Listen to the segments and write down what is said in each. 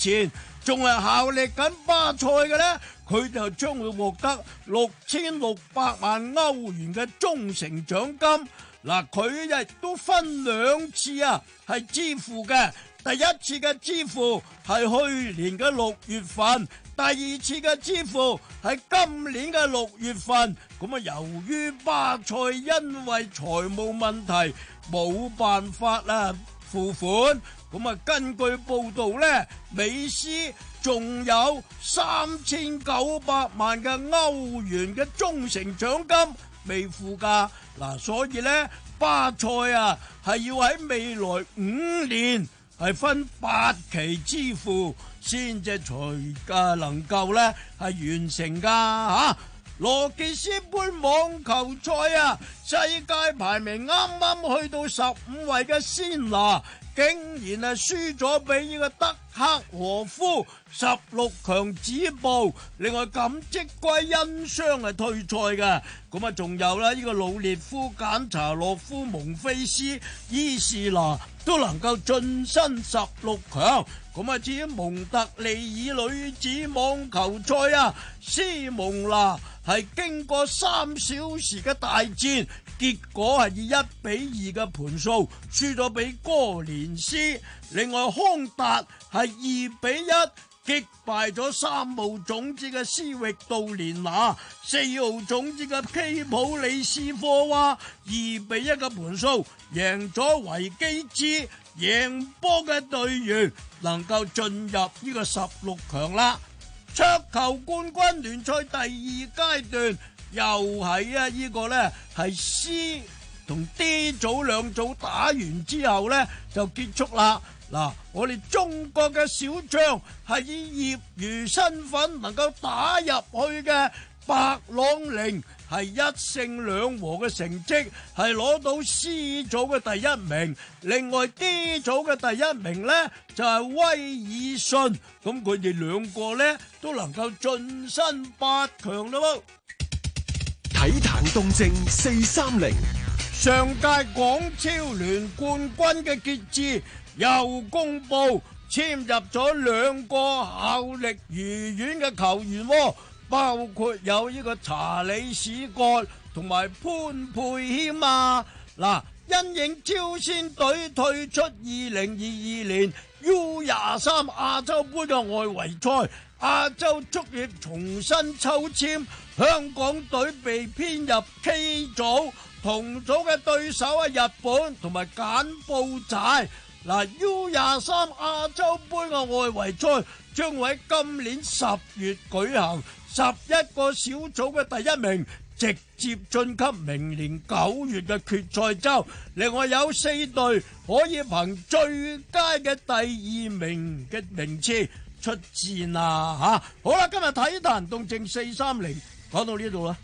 前仲係效力緊巴塞嘅呢，佢就將會獲得六千六百萬歐元嘅忠誠獎金。嗱，佢亦都分兩次啊，係支付嘅。第一次嘅支付係去年嘅六月份，第二次嘅支付係今年嘅六月份。咁啊，由於巴塞因為財務問題冇辦法啦付款。咁啊，根據報道呢，美斯仲有三千九百萬嘅歐元嘅忠誠獎金未付噶。嗱、啊，所以呢，巴塞啊，係要喺未來五年係分八期支付，先至才夠能夠咧係完成噶嚇、啊。羅傑斯杯網球賽啊，世界排名啱啱去到十五位嘅仙拿，竟然係輸咗俾呢個德克和夫十六強止步，另外錦織圭因傷係退賽嘅，咁啊仲有啦，呢個魯列夫、簡查洛夫、蒙菲斯、伊士娜，都能夠晉身十六強，咁啊，至於蒙特利爾女子網球賽啊，斯蒙娜，係經過三小時嘅大戰，結果係以一比二嘅盤數輸咗俾哥連斯。另外康達係二比一擊敗咗三號種子嘅斯域杜連娜，四號種子嘅基普里斯科娃二比一嘅盤數贏咗維基茲，贏波嘅隊員能夠進入呢個十六強啦。桌球冠軍聯賽第二階段又係啊、這個，呢個呢係 C 同 D 組兩組打完之後呢就結束啦。嗱，我哋中國嘅小將係以業餘身份能夠打入去嘅白朗寧。係一勝兩和嘅成績，係攞到 C 組嘅第一名。另外 D 組嘅第一名呢，就係、是、威爾遜，咁佢哋兩個呢，都能夠晉身八強咯。體壇動靜四三零，上屆港超聯冠軍嘅傑志又公布簽入咗兩個效力愉園嘅球員。包括有呢個查理史葛同埋潘佩謙啊！嗱，因應朝鮮隊退出二零二二年 U 廿三亞洲杯嘅外圍賽，亞洲足協重新抽籤，香港隊被編入 K 組，同組嘅對手係日本同埋柬埔寨。嗱，U 廿三亞洲杯嘅外圍賽將喺今年十月舉行，十一個小組嘅第一名直接晉級明年九月嘅決賽周，另外有四隊可以憑最佳嘅第二名嘅名次出戰啊！吓，好啦，今日體壇動靜四三零，講到呢度啦。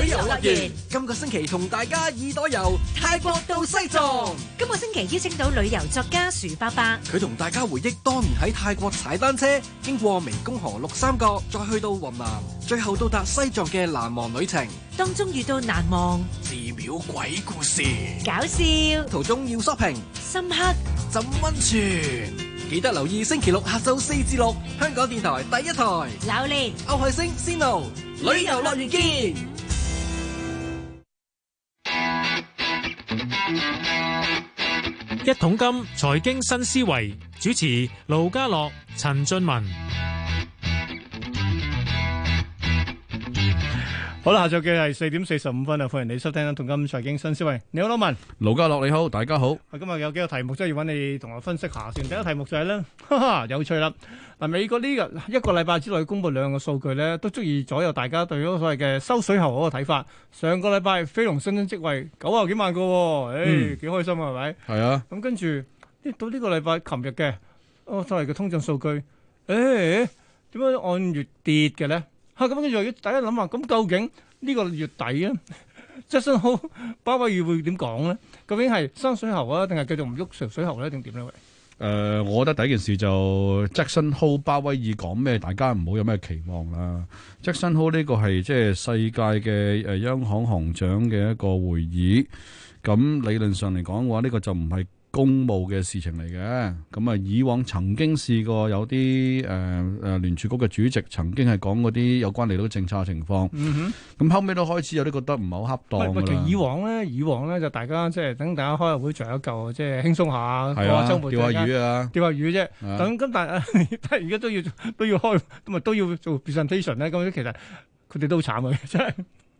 旅遊樂園今個星期同大家二度遊泰國到西藏。今個星期邀請到旅遊作家薯伯伯，佢同大家回憶當年喺泰國踩單車，經過湄公河六三角，再去到雲南，最後到達西藏嘅難忘旅程。當中遇到難忘寺廟鬼故事，搞笑途中要 shopping，深刻浸溫泉，記得留意星期六下晝四至六香港電台第一台。榴蓮歐海星，Cino 旅遊樂園見。一桶金財經新思維主持盧家樂：盧家樂、陳俊文。好啦，下晝嘅係四點四十五分啊，歡迎你收聽《一桶金之財經》，新思維，你好，老文，盧家樂你好，大家好。今日有幾個題目，即係要揾你同我分析下先。第一題目就係咧，有趣啦。嗱，美國呢日一個禮拜之內公布兩個數據咧，都足以左右大家對嗰個所謂嘅收水喉嗰個睇法。上個禮拜非農新增職位九啊幾萬個，誒，幾開心啊，係咪？係啊。咁跟住到呢個禮拜，琴日嘅所謂嘅通脹數據，誒，點解按月跌嘅咧？咁跟住，大家諗下，咁究竟呢個月底啊，Jackson Hole 巴威爾會點講咧？究竟係生水喉啊，定係繼續唔喐上水喉咧，定點咧？誒，我覺得第一件事就 Jackson Hole 巴威爾講咩，大家唔好有咩期望啦。Jackson Hole 呢個係即係世界嘅誒央行行長嘅一個會議，咁理論上嚟講嘅話，呢個就唔係公務嘅事情嚟嘅，咁啊以往曾經試過有啲誒誒聯儲局嘅主席曾經係講嗰啲有關利率政策嘅情況，咁、嗯、哼後尾都開始有啲覺得唔係好恰當。以往咧，以往咧就大家即係等大家開下會聚一舊，即係輕鬆下，掛下鐘釣下魚啊，釣下魚啫。等咁但係而家都要都要開，咁啊都要做 presentation 咧。咁其實佢哋都好慘啊！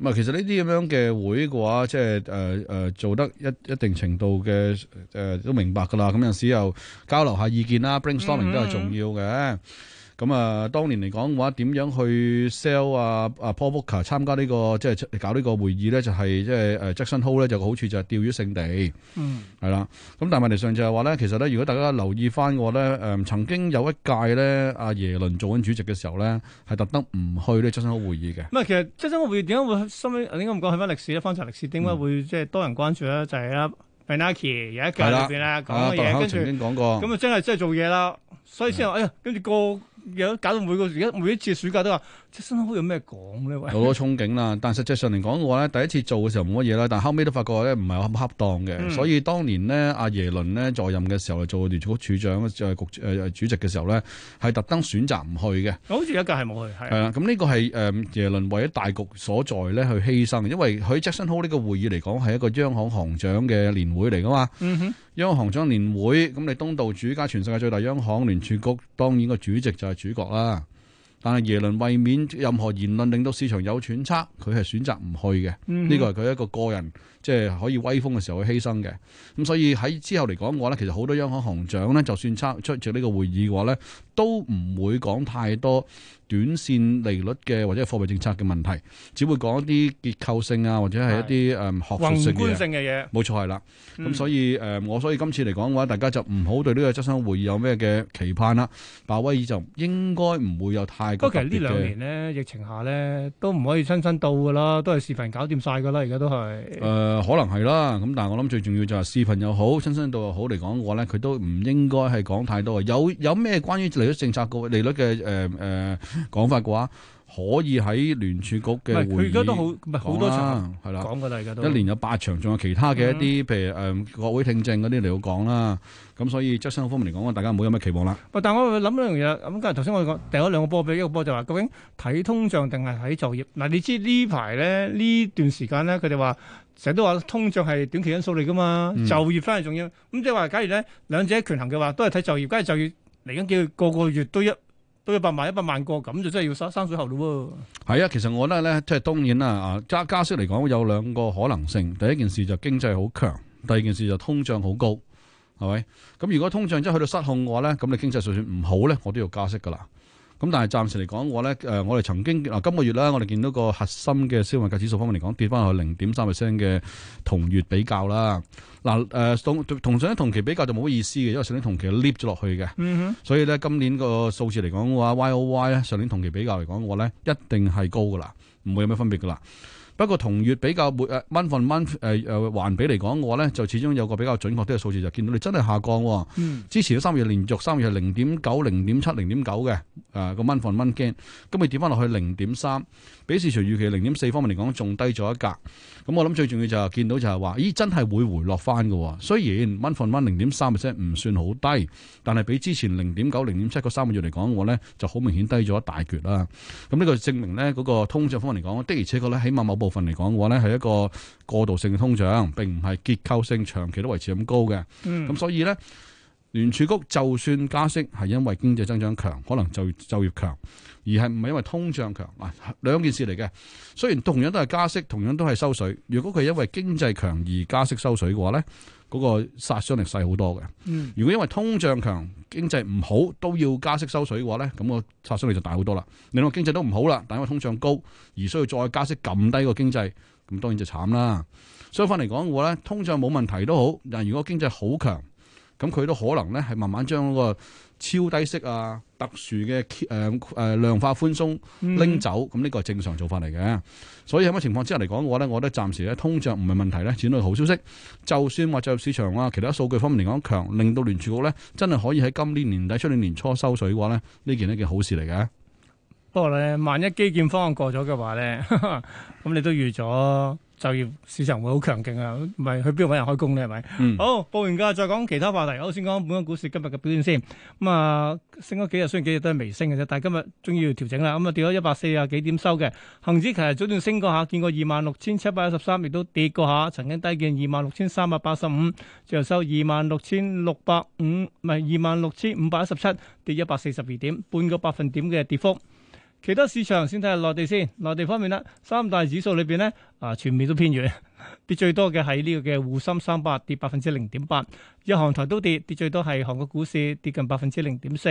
唔係，其實呢啲咁樣嘅會嘅話，即係誒誒做得一一定程度嘅，誒、呃、都明白㗎啦。咁有時又交流下意見啦，brainstorming 都係重要嘅。嗯咁啊，當年嚟講話點樣去 sell 啊啊，Poker o 參加呢個即係搞呢個會議咧，就係即係 h o l 豪咧就個好處就係釣魚聖地，嗯，係啦。咁但係問題上就係話咧，其實咧，如果大家留意翻嘅話咧，誒曾經有一屆咧，阿耶倫做緊主席嘅時候咧，係特登唔去呢 h o l 豪會議嘅。咁係，其實吉新豪會議點解會收尾？點解唔講去翻歷史咧？翻查歷史，點解、嗯、會即係多人關注咧？就係、是、啊 Benaki 有一屆裏邊咧講嘅嘢，跟住咁啊，曾經過就真係真係做嘢啦。所以先話，的哎呀，跟住個。有搞到每個而家每一次暑假都話，Jackson Hole 有咩講咧？好多憧憬啦，但實際上嚟講嘅話咧，第一次做嘅時候冇乜嘢啦，但後尾都發覺咧唔係咁恰當嘅。所以當年咧阿耶倫咧在任嘅時候做聯儲局局長，就係局誒主席嘅時候咧，係特登選擇唔去嘅。好似有一屆係冇去，係。誒，咁呢個係誒耶倫為咗大局所在咧去犧牲，因為佢 Jackson Hole 呢個會議嚟講係一個央行行長嘅年會嚟噶嘛。嗯哼。央行行長年會，咁你東道主加全世界最大央行聯儲局，當然個主席就係主角啦。但係耶倫為免任何言論令到市場有揣測，佢係選擇唔去嘅。呢個係佢一個個人即係、就是、可以威風嘅時候去犧牲嘅。咁所以喺之後嚟講嘅話咧，其實好多央行行長咧，就算參出席呢個會議嘅話咧。都唔會講太多短線利率嘅或者貨幣政策嘅問題，只會講一啲結構性啊，或者係一啲誒的、嗯、學術性嘅嘢。宏觀性嘅嘢，冇錯係啦。咁所以誒、呃，我所以今次嚟講嘅話，大家就唔好對呢個質詢會議有咩嘅期盼啦。鮑威爾就應該唔會有太多，不過其實呢兩年呢，疫情下咧都唔可以親身到噶啦，都係視頻搞掂晒噶啦，而家都係。誒、呃，可能係啦。咁但係我諗最重要就係視頻又好，親身到又好嚟講嘅話咧，佢都唔應該係講太多。有有咩關於政策個利率嘅誒誒講法嘅話，可以喺聯儲局嘅唔係佢而家都好唔係好多場係啦，講過啦，而家都一年有八場，仲有其他嘅一啲，譬、嗯、如誒國會聽證嗰啲嚟到講啦。咁所以即係方面嚟講，大家唔冇有乜期望啦。唔但我諗一樣嘢咁，今日頭先我掉咗兩個波俾，一個波就話、是、究竟睇通脹定係睇就業嗱？你知呢排咧呢段時間咧，佢哋話成日都話通脹係短期因素嚟噶嘛，嗯、就業反而重要。咁即係話，假如咧兩者權衡嘅話，都係睇就業，梗係就業。嚟緊叫個個月都一都一百萬一百萬個咁就真係要生生水喉咯喎！係啊，其實我覺得咧，即係當然啦啊，加加息嚟講有兩個可能性，第一件事就經濟好強，第二件事就通脹好高，係咪？咁如果通脹真係去到失控嘅話咧，咁你經濟就算唔好咧，我都要加息噶啦。咁但係暫時嚟講、呃，我咧誒，我哋曾經嗱、呃、今個月啦，我哋見到個核心嘅消費價指數方面嚟講，跌翻去零點三 percent 嘅同月比較啦。嗱、呃、誒，同同上一年同期比較就冇乜意思嘅，因為上年同期 lift 咗落去嘅。嗯哼。所以咧，今年個數字嚟講嘅話，Y O Y 咧，上年同期比較嚟講嘅話咧，一定係高噶啦。唔會有咩分別噶啦。不過同月比較 month month,、呃，每誒 m o n t h 比嚟講嘅話咧，就始終有個比較準確啲嘅數字，就見到你真係下降、哦。之前嘅三月連續三月係零點九、零點七、零點九嘅誒個 m 份 n t h 你 n m 翻落去零點三。比市場預期零點四方面嚟講，仲低咗一格。咁我諗最重要就係見到就係話，咦，真係會回落翻嘅。雖然 one for one 零點三 percent 唔算好低，但係比之前零點九、零點七個三個月嚟講，嘅話咧就好明顯低咗一大橛啦。咁呢個證明咧，嗰、那個通脹方面嚟講，的而且確咧，起碼某部分嚟講嘅話咧，係一個過渡性嘅通脹，並唔係結構性長期都維持咁高嘅。咁、嗯、所以咧。聯儲局就算加息，係因為經濟增長強，可能就就業強，而係唔係因為通脹強。嗱，兩件事嚟嘅。雖然同樣都係加息，同樣都係收水。如果佢因為經濟強而加息收水嘅話咧，嗰個殺傷力細好多嘅。嗯，如果因為通脹強，經濟唔好都要加息收水嘅話咧，咁個殺傷力就大好多啦。另外經濟都唔好啦，但因為通脹高而需要再加息撳低個經濟，咁當然就慘啦。相反嚟講嘅話咧，通脹冇問題都好，但如果經濟好強。咁佢都可能咧，係慢慢將嗰個超低息啊、特殊嘅誒誒量化寬鬆拎走，咁呢、嗯、個係正常做法嚟嘅。所以喺乜情況之下嚟講嘅話咧，我覺得暫時咧通脹唔係問題咧，算到好消息。就算話進入市場啊，其他數據方面嚟講強，令到聯儲局咧真係可以喺今年年底出年年初收水嘅話咧，呢件係件好事嚟嘅。不過咧，萬一基建方案過咗嘅話咧，咁你都預咗。就業市場會好強勁啊！唔係去邊度揾人開工咧？係咪、嗯？好，報完價，再講其他話題。首先講本港股市今日嘅表現先。咁、嗯、啊，升咗幾日，雖然幾日都係微升嘅啫，但係今日終於要調整啦。咁、嗯、啊，跌咗一百四啊幾點收嘅。恒指其實早段升過下，見過二萬六千七百一十三，亦都跌過下，曾經低見二萬六千三百八十五，最後收二萬六千六百五，唔係二萬六千五百一十七，跌一百四十二點，半個百分點嘅跌幅。其他市場先睇下內地先，內地方面咧，三大指數裏邊咧，啊，全面都偏軟，跌最多嘅係呢個嘅滬深三百跌百分之零點八，日韓台都跌，跌最多係韓國股市跌近百分之零點四，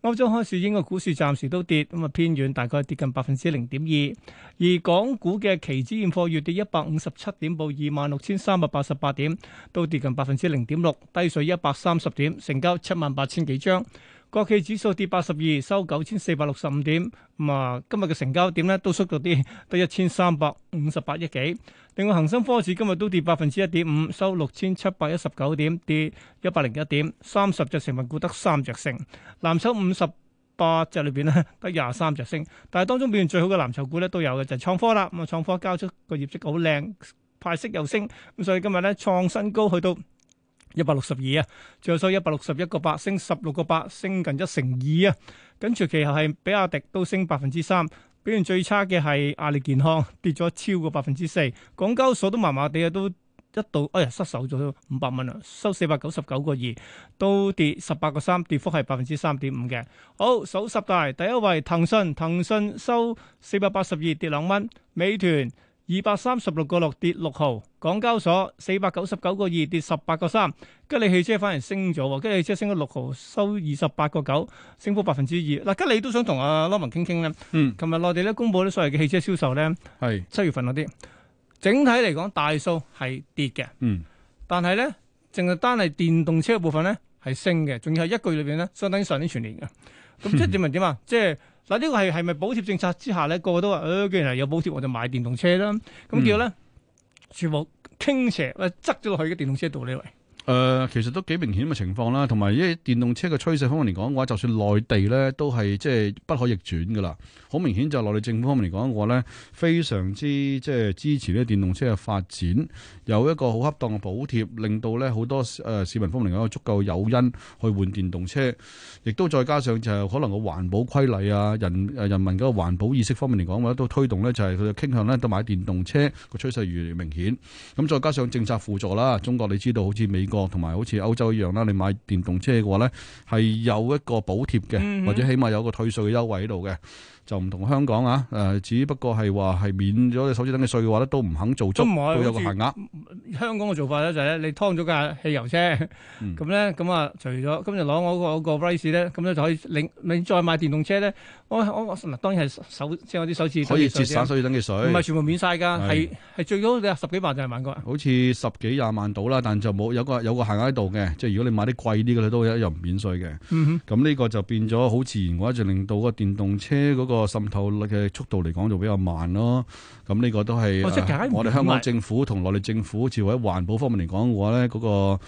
歐洲開市英國股市暫時都跌，咁、嗯、啊，偏軟，大概跌近百分之零點二，而港股嘅期指現貨月跌一百五十七點報二萬六千三百八十八點，都跌近百分之零點六，低水一百三十點，成交七萬八千幾張。國企指數，跌八十二，收九千四百六十五點。咁啊，今日嘅成交點咧都縮咗啲，得一千三百五十八億幾。另外，恒生科指，今日都跌百分之一點五，收六千七百一十九點，跌一百零一點。三十隻成分股得三隻升，藍籌五十八隻裏邊咧得廿三隻升。但係當中表現最好嘅藍籌股咧都有嘅，就係創科啦。咁啊，創科交出個業績好靚，派息又升，咁所以今日咧創新高去到一百六十二啊，最後收一百六十一個八，升十六個八，升近一成二啊！跟住其後係比亞迪都升百分之三，表現最差嘅係阿里健康，跌咗超過百分之四。港交所都麻麻地啊，都一度哎呀失手咗五百蚊啦，收四百九十九個二，都跌十八個三，跌幅係百分之三點五嘅。好，數十大第一位騰訊，騰訊收四百八十二跌兩蚊，美團。二百三十六個六跌六毫，港交所四百九十九個二跌十八個三，吉利汽車反而升咗喎，吉利汽車升咗六毫，收二十八個九，升幅百分之二。嗱，吉利都想同阿羅文傾傾咧。嗯，琴日內地咧公佈啲所謂嘅汽車銷售咧，係七月份嗰啲，整體嚟講大數係跌嘅。嗯，但係咧，淨係單係電動車嘅部分咧係升嘅，仲要係一個月裏邊咧相當於上年全年嘅。咁即係點啊點啊，即係。嗱，呢個係係咪補貼政策之下咧，個個都話誒、呃、既然係有補貼我就買電動車啦。咁、嗯、結果咧，全部傾斜，喂側咗落去嘅電動車度啲喎。誒、呃，其實都幾明顯嘅情況啦，同埋依電動車嘅趨勢方面嚟講嘅話，就算內地咧都係即係不可逆轉噶啦，好明顯就係內地政府方面嚟講嘅話咧，非常之即係支持咧電動車嘅發展，有一個好恰當嘅補貼，令到咧好多誒、呃、市民方面嚟講，足夠誘因去換電動車，亦都再加上就係可能個環保規例啊，人誒人民嗰個環保意識方面嚟講，都推動咧就係佢嘅傾向咧都買電動車個趨勢越嚟越明顯，咁、嗯、再加上政策輔助啦，中國你知道好似美。同埋好似歐洲一樣啦，你買電動車嘅話呢，係有一個補貼嘅，或者起碼有個退稅嘅優惠喺度嘅。就唔同香港啊，誒、呃，只不過係話係免咗你首次登記稅嘅話咧，都唔肯做足，都有個限額。香港嘅做法咧就係、是、你劏咗架汽油車，咁咧咁啊，除咗今日攞我嗰個 rates 咧，咁就可以領你再買電動車咧，我我嗱當然係首即係嗰啲首次可以節省首次登記稅。唔係全部免晒㗎，係係是最高你十幾萬就係萬個。好似十幾廿萬到啦，但就冇有，有個有個限額喺度嘅，即係如果你買啲貴啲嘅咧，都一又唔免稅嘅。嗯咁哼呢個就變咗好自然嘅話，就令到個電動車個滲透率嘅速度嚟講就比較慢咯，咁呢個都係、哦 uh, 我哋香港政府同內地政府，就喺環保方面嚟講嘅話咧，嗰、嗰個。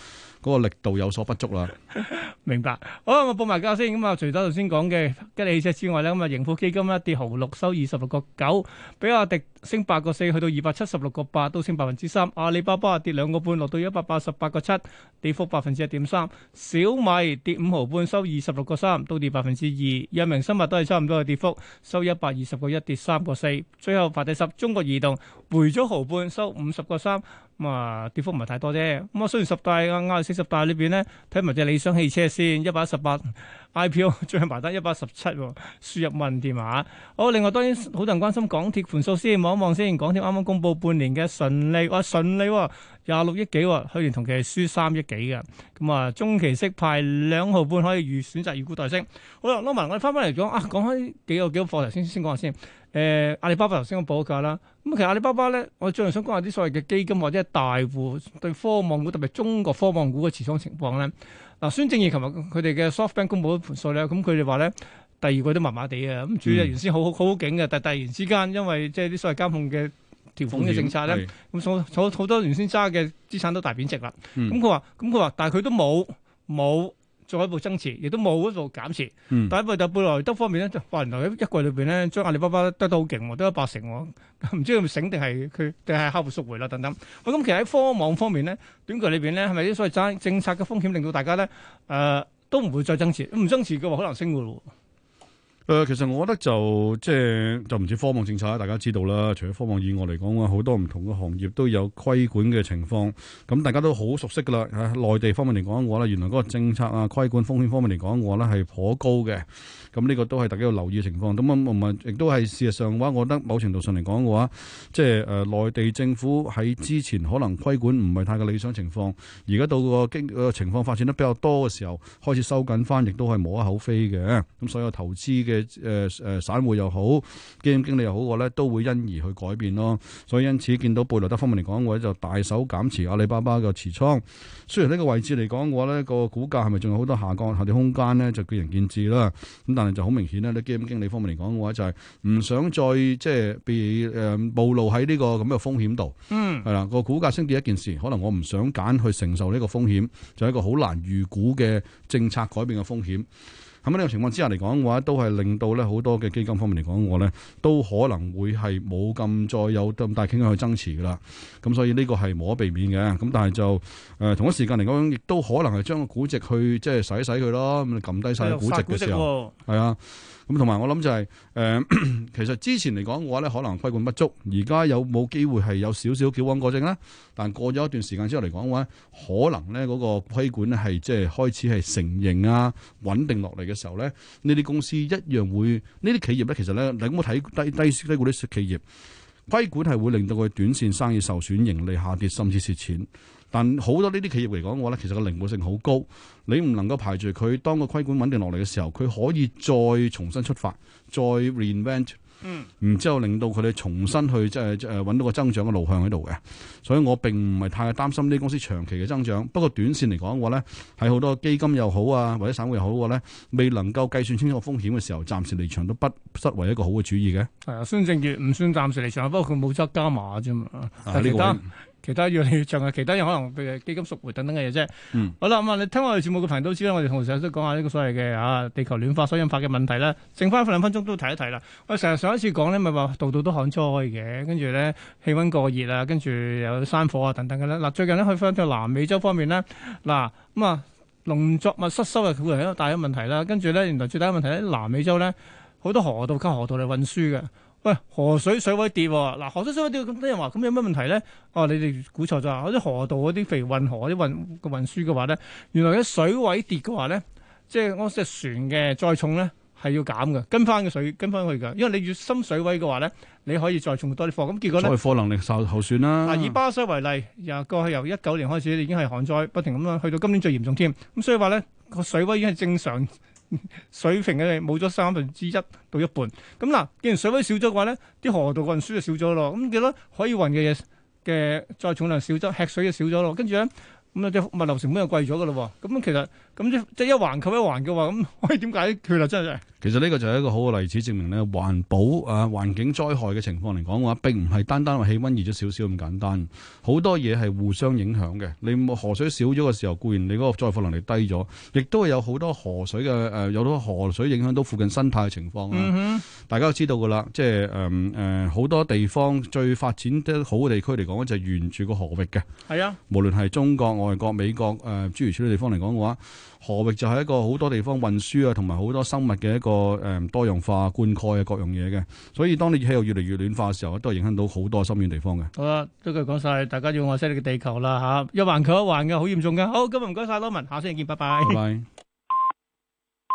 嗰個力度有所不足啦， 明白。好，我報埋價先。咁啊，除咗頭先講嘅吉利汽車之外咧，咁啊，盈富基金咧跌毫六，收二十六個九，比亞迪升八個四，去到二百七十六個八，都升百分之三。阿里巴巴跌兩個半，落到一百八十八個七，跌幅百分之一點三。小米跌五毫半，收二十六個三，都跌百分之二。藥明生物都係差唔多嘅跌幅，收一百二十個一，跌三個四。最後排第十，中國移動回咗毫半，收五十個三。咁啊，跌幅唔係太多啫。咁啊，雖然十大啱啱係四十大裏邊咧，睇埋隻理想汽車先，一百一十八。嗯。IPO 最近埋得一百一十七，輸入萬添嘛？好，另外當然好多人關心港鐵盤數先，望一望先。港鐵啱啱公布半年嘅純利，哇，純利廿、哦、六億幾喎、哦，去年同期係輸三億幾嘅。咁、嗯、啊，中期息派兩毫半，可以預選擇預估代升。好啦，攞埋我哋翻返嚟講啊，講開幾個幾好貨頭先，先講下先。誒、呃，阿里巴巴頭先講報價啦。咁其實阿里巴巴咧，我最近想講下啲所謂嘅基金或者係大戶對科網股，特別中國科網股嘅持倉情況咧。嗱、啊，孫正義琴日佢哋嘅 SoftBank 公布咗盤數咧，咁佢哋話咧第二季都麻麻地呀咁，主要原先好好好景嘅，但係突然之間因為即係啲所謂監控嘅調控嘅政策咧，咁所好多原先揸嘅資產都大貶值啦。咁佢話，咁佢話，但係佢都冇冇。做一步增持，亦都冇一步減持。但係一步就貝萊德方面咧，話原來喺一季裏邊咧，將阿里巴巴得得好勁，得咗八成喎。唔知佢醒定係佢定係客戶贖回啦等等。咁其實喺科網方面咧，短期裏邊咧，係咪啲所謂政政策嘅風險令到大家咧誒都唔會再增持？唔增持嘅話，好難升嘅喎。誒、呃，其實我覺得就即係就唔止科網政策啦，大家知道啦。除咗科網以外嚟講嘅好多唔同嘅行業都有規管嘅情況，咁、嗯、大家都好熟悉噶啦。啊，內地方面嚟講嘅話咧，原來嗰個政策啊、規管風險方面嚟講嘅話咧係頗高嘅，咁、嗯、呢、這個都係大家要留意嘅情況。咁、嗯、啊，同埋亦都係事實上嘅話，我覺得某程度上嚟講嘅話，即係誒、呃、內地政府喺之前可能規管唔係太過理想情況，而家到個經個情況發展得比較多嘅時候，開始收緊翻，亦都係無可厚非嘅。咁、嗯、所有投資嘅。誒誒，散戶又好，基金經理又好，個咧都會因而去改變咯。所以因此見到貝萊德方面嚟講，嘅話，就大手減持阿里巴巴嘅持倉。雖然呢個位置嚟講嘅話咧，個股價係咪仲有好多下降下跌空間咧，就見仁見智啦。咁但係就好明顯咧，啲基金經理方面嚟講嘅話，就係、是、唔想再即係被誒暴露喺呢個咁嘅風險度。嗯，係啦，個股價升跌一件事，可能我唔想揀去承受呢個風險，就係一個好難預估嘅政策改變嘅風險。咁呢個情況之下嚟講嘅話，都係令到咧好多嘅基金方面嚟講，我咧都可能會係冇咁再有咁大傾向去增持噶啦。咁所以呢個係冇可避免嘅。咁但係就誒、呃、同一時間嚟講，亦都可能係將個估值去即係洗洗佢咯，咁你撳低曬估值嘅時候，係、哎、啊。咁同埋我諗就係、是，誒，其實之前嚟講嘅話咧，可能規管不足，而家有冇機會係有少少矯枉過正咧？但過咗一段時間之後嚟講嘅話，可能咧嗰個規管咧係即係開始係成形啊穩定落嚟嘅時候咧，呢啲公司一樣會，呢啲企業咧其實咧，你冇睇低低低股啲企業規管係會令到佢短線生意受損、盈利下跌，甚至蝕錢。但好多呢啲企業嚟講嘅話咧，其實個靈活性好高，你唔能夠排除佢當個規管穩定落嚟嘅時候，佢可以再重新出發，再 reinvent，嗯，然之後令到佢哋重新去即係誒揾到個增長嘅路向喺度嘅。所以我並唔係太擔心呢啲公司長期嘅增長。不過短線嚟講嘅話咧，喺好多基金又好啊，或者散戶又好嘅咧，未能夠計算清楚風險嘅時候，暫時離場都不失為一個好嘅主意嘅。係啊，孫正月唔算暫時離場，不過佢冇執加碼啫嘛。啊，其他越嚟越長嘅，其他人可能譬如基金贖回等等嘅嘢啫。嗯、好啦，咁啊，你聽我哋節目嘅朋友都知啦，我哋同時都講下呢個所謂嘅啊地球暖化所引發嘅問題啦。剩翻兩分鐘都提一提啦。我哋成日上一次講咧，咪話度度都旱災嘅，跟住咧氣温過熱啊，跟住有山火啊等等嘅咧。嗱，最近咧去翻到南美洲方面咧，嗱咁啊農作物失收又會係一個大嘅問題啦。跟住咧原來最大嘅問題喺南美洲咧，好多河道靠河道嚟運輸嘅。喂，河水水位跌，嗱河水水位跌咁多人話，咁有咩問題咧？哦、啊，你哋估錯咗，嗰啲河道嗰啲譬如運河嗰啲運運輸嘅話咧，原來咧水位跌嘅話咧，即係嗰隻船嘅載重咧係要減嘅，跟翻個水跟翻去嘅，因為你越深水位嘅話咧，你可以載重多啲貨，咁結果咧，載貨能力受受損啦。嗱、啊，以巴西為例，又過去由一九年開始已經係旱災不停咁樣，去到今年最嚴重添，咁所以話咧個水位已經係正常。 水平嘅你冇咗三分之一到一半，咁、嗯、嗱，既然水位少咗嘅話咧，啲河，河道運輸就少咗咯，咁幾多可以運嘅嘢嘅載重量少咗，吃水就少咗咯，跟住咧，咁啊啲物流成本又貴咗噶咯，咁、嗯、其實。咁即即一環扣一環嘅話，咁可以點解決佢啦？真係。其實呢個就係一個好嘅例子，證明咧環保啊環境災害嘅情況嚟講嘅話，並唔係單單話氣溫熱咗少少咁簡單，好多嘢係互相影響嘅。你河水少咗嘅時候，固然你嗰個載貨能力低咗，亦都係有好多河水嘅誒、呃，有好多河水影響到附近生態嘅情況啦。嗯、哼大家都知道噶啦，即係誒誒，好、呃呃、多地方最發展得好嘅地區嚟講，就係沿住個河域嘅。係啊，無論係中國、外國、美國誒，諸、呃、如此類地方嚟講嘅話。河域就係一個好多地方運輸啊，同埋好多生物嘅一個誒多樣化灌溉啊，各樣嘢嘅。所以當你氣候越嚟越暖化嘅時候，都係影響到好多深遠地方嘅。好啦，都係講晒，大家要愛惜你嘅地球啦吓、啊，一環扣一環嘅，好嚴重噶。好，今日唔該晒，羅文，下星期見，拜拜。Bye bye